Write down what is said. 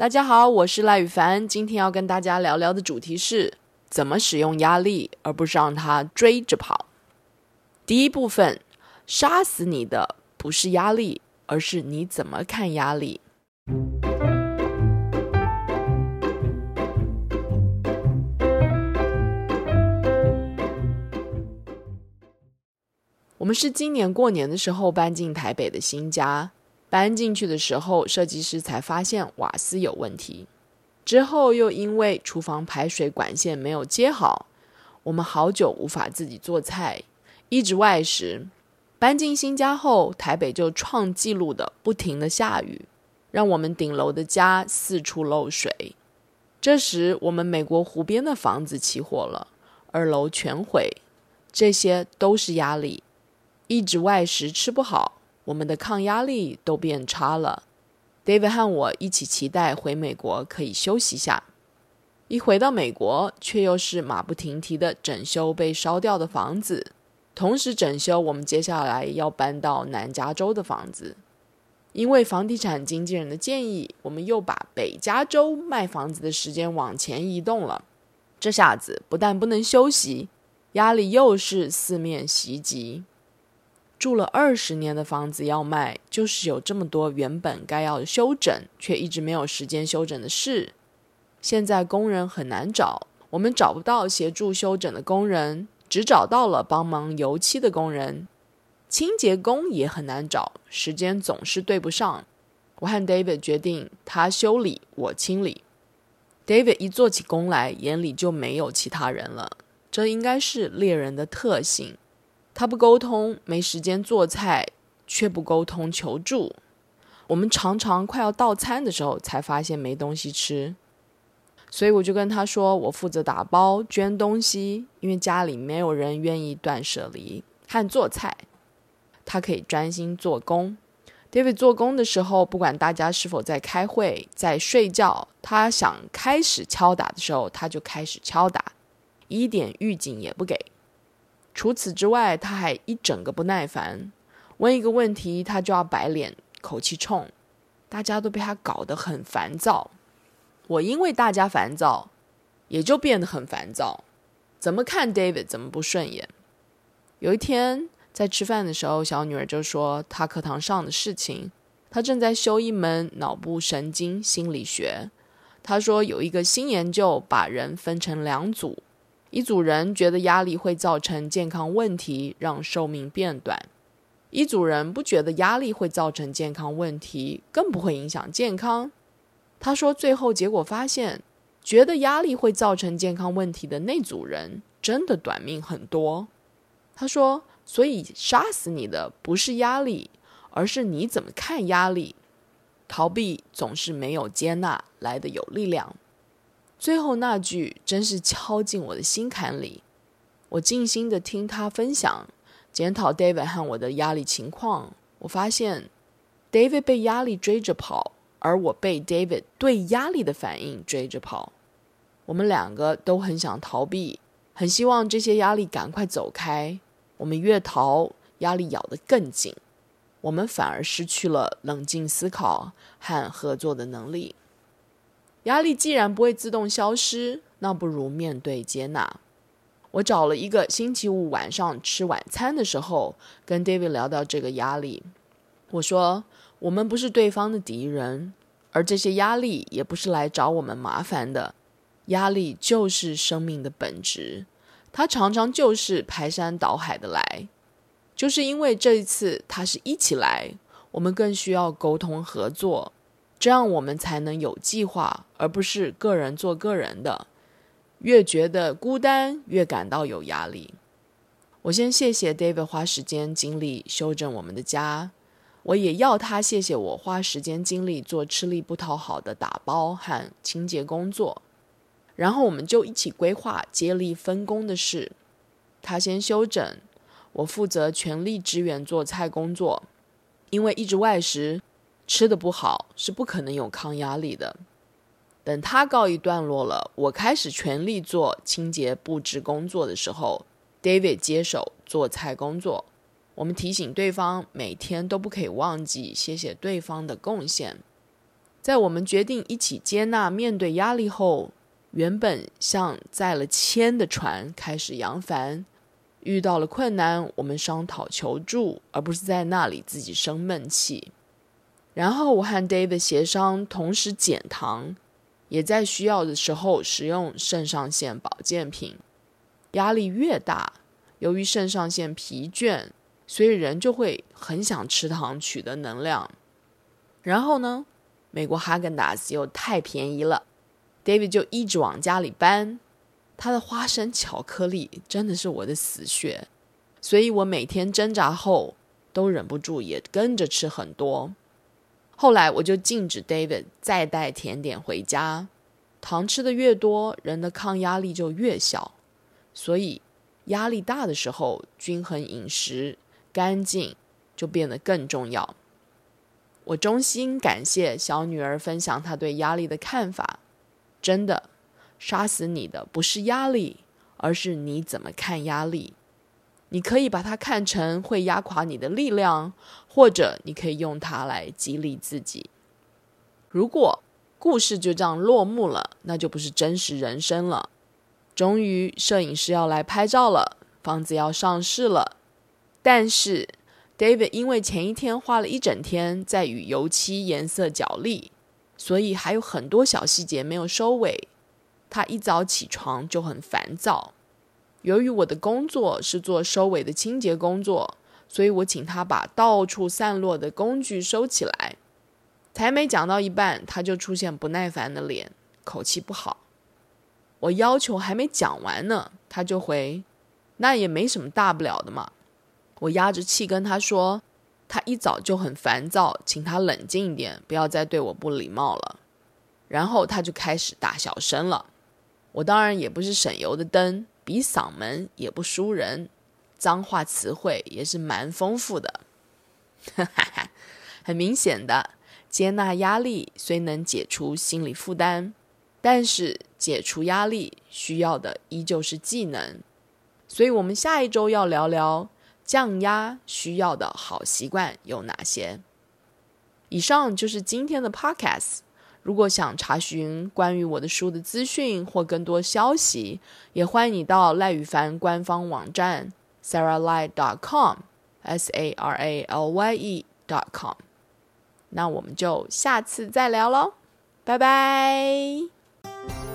大家好，我是賴宇凡，今天要跟大家聊聊的主題是怎麼使用壓力，而不是讓它追着跑。第一部分，殺死你的不是壓力，而是你怎麼看壓力。嗯、我們是今年過年的時候搬進台北的新家。搬進去的時候，設計師才發現瓦斯有問題。之後又因為廚房排水管線沒有接好，我們好久無法自己做菜，一直外食。搬進新家後，台北就創紀錄的不停的下雨，讓我們頂樓的家四處漏水。這時，我們美國湖邊的房子起火了，二樓全毀。這些都是壓力，一直外食吃不好。我們的抗壓力都變差了。David 和我一起期待回美國可以休息一下，一回到美國卻又是馬不停蹄地整修被燒掉的房子，同時整修我們接下來要搬到南加州的房子。因為房地產經紀人的建議，我們又把北加州賣房子的時間往前移動了。這下子不但不能休息，壓力又是四面襲擊。住了二十年的房子要賣，就是有這麼多原本該要修整卻一直沒有時間修整的事。現在工人很難找，我們找不到協助修整的工人，只找到了幫忙油漆的工人。清潔工也很難找，時間總是對不上。我和 David 決定，他修理，我清理。David 一做起工來，眼裡就沒有其他人了。這應該是獵人的特性。他不溝通，沒時間做菜，卻不溝通求助。我們常常快要到餐的時候，才發現沒東西吃。所以我就跟他說，我負責打包、捐東西，因為家裡沒有人願意斷捨離和做菜，他可以專心做工。David 做工的時候，不管大家是否在開會、在睡覺，他想開始敲打的時候，他就開始敲打，一點預警也不給。除此之外，他還一整個不耐煩，問一個問題他就要擺臉，口氣衝，大家都被他搞得很煩躁。我因為大家煩躁，也就變得很煩躁，怎麼看 David 怎麼不順眼。有一天在吃飯的時候，小女兒就說她課堂上的事情，她正在修一門腦部神經心理學，她說有一個新研究把人分成兩組。一組人覺得壓力會造成健康問題，讓壽命變短；一組人不覺得壓力會造成健康問題，更不會影響健康。他說，最後結果發現，覺得壓力會造成健康問題的那組人真的短命很多。他說，所以殺死你的不是壓力，而是你怎麼看壓力。逃避總是沒有接納來得有力量。最後那句真是敲進我的心坎裡，我靜心的聽他分享，檢討 David 和我的壓力情況。我發現，David 被壓力追着跑，而我被 David 對壓力的反應追着跑。我們兩個都很想逃避，很希望這些壓力趕快走開。我們越逃，壓力咬得更緊。我們反而失去了冷靜思考和合作的能力。壓力既然不會自動消失，那不如面對接納。我找了一個星期五晚上吃晚餐的時候，跟 David 聊到這個壓力。我說：“我們不是對方的敵人，而這些壓力也不是來找我們麻煩的。壓力就是生命的本質，它常常就是排山倒海的來。就是因為這一次它是一起來，我們更需要溝通合作。”這樣我們才能有計劃，而不是個人做個人的。越覺得孤單，越感到有壓力。我先謝謝 David 花時間精力修整我們的家，我也要他謝謝我花時間精力做吃力不討好的打包和清潔工作。然後我們就一起規劃接力分工的事，他先修整，我負責全力支援做菜工作，因為一直外食。吃得不好是不可能有抗壓力的。等他告一段落了，我開始全力做清潔布置工作的時候，David 接手做菜工作。我們提醒對方每天都不可以忘記謝謝對方的貢獻。在我們決定一起接納面對壓力後，原本像載了鉛的船開始揚帆。遇到了困難，我們商討求助，而不是在那裡自己生悶氣。然後我和 David 協商，同時減糖，也在需要的時候使用腎上腺保健品。壓力越大，由於腎上腺疲倦，所以人就會很想吃糖取得能量。然後呢，美國哈根達斯又太便宜了，David 就一直往家裡搬。他的花生巧克力真的是我的死穴，所以我每天掙扎後都忍不住也跟着吃很多。後來我就禁止 David 再帶甜點回家，糖吃的越多，人的抗壓力就越小，所以壓力大的時候，均衡飲食、乾淨就變得更重要。我衷心感謝小女兒分享她對壓力的看法，真的，殺死你的不是壓力，而是你怎麼看壓力。你可以把它看成會壓垮你的力量，或者你可以用它來激勵自己。如果故事就這樣落幕了，那就不是真實人生了。終於，攝影師要來拍照了，房子要上市了。但是，David 因為前一天花了一整天在與油漆顏色角力，所以還有很多小細節沒有收尾。他一早起床就很煩躁。由於我的工作是做收尾的清潔工作，所以我請他把到處散落的工具收起來。才沒講到一半，他就出現不耐煩的臉，口氣不好。我要求還沒講完呢，他就回：“那也沒什麼大不了的嘛。”我壓着氣跟他說：“他一早就很煩躁，請他冷靜一點，不要再對我不禮貌了。”然後他就開始大小聲了。我當然也不是省油的燈。比嗓門也不輸人，髒話詞彙也是蠻豐富的。 很明顯的，接納壓力雖能解除心理負擔，但是解除壓力需要的依舊是技能。所以，我們下一周要聊聊降壓需要的好習慣有哪些。以上就是今天的 podcast。如果想查詢關於我的書的資訊或更多消息，也歡迎你到賴宇凡官方網站 saralye.com s a r a l y e dot com。那我們就下次再聊嘍，拜拜。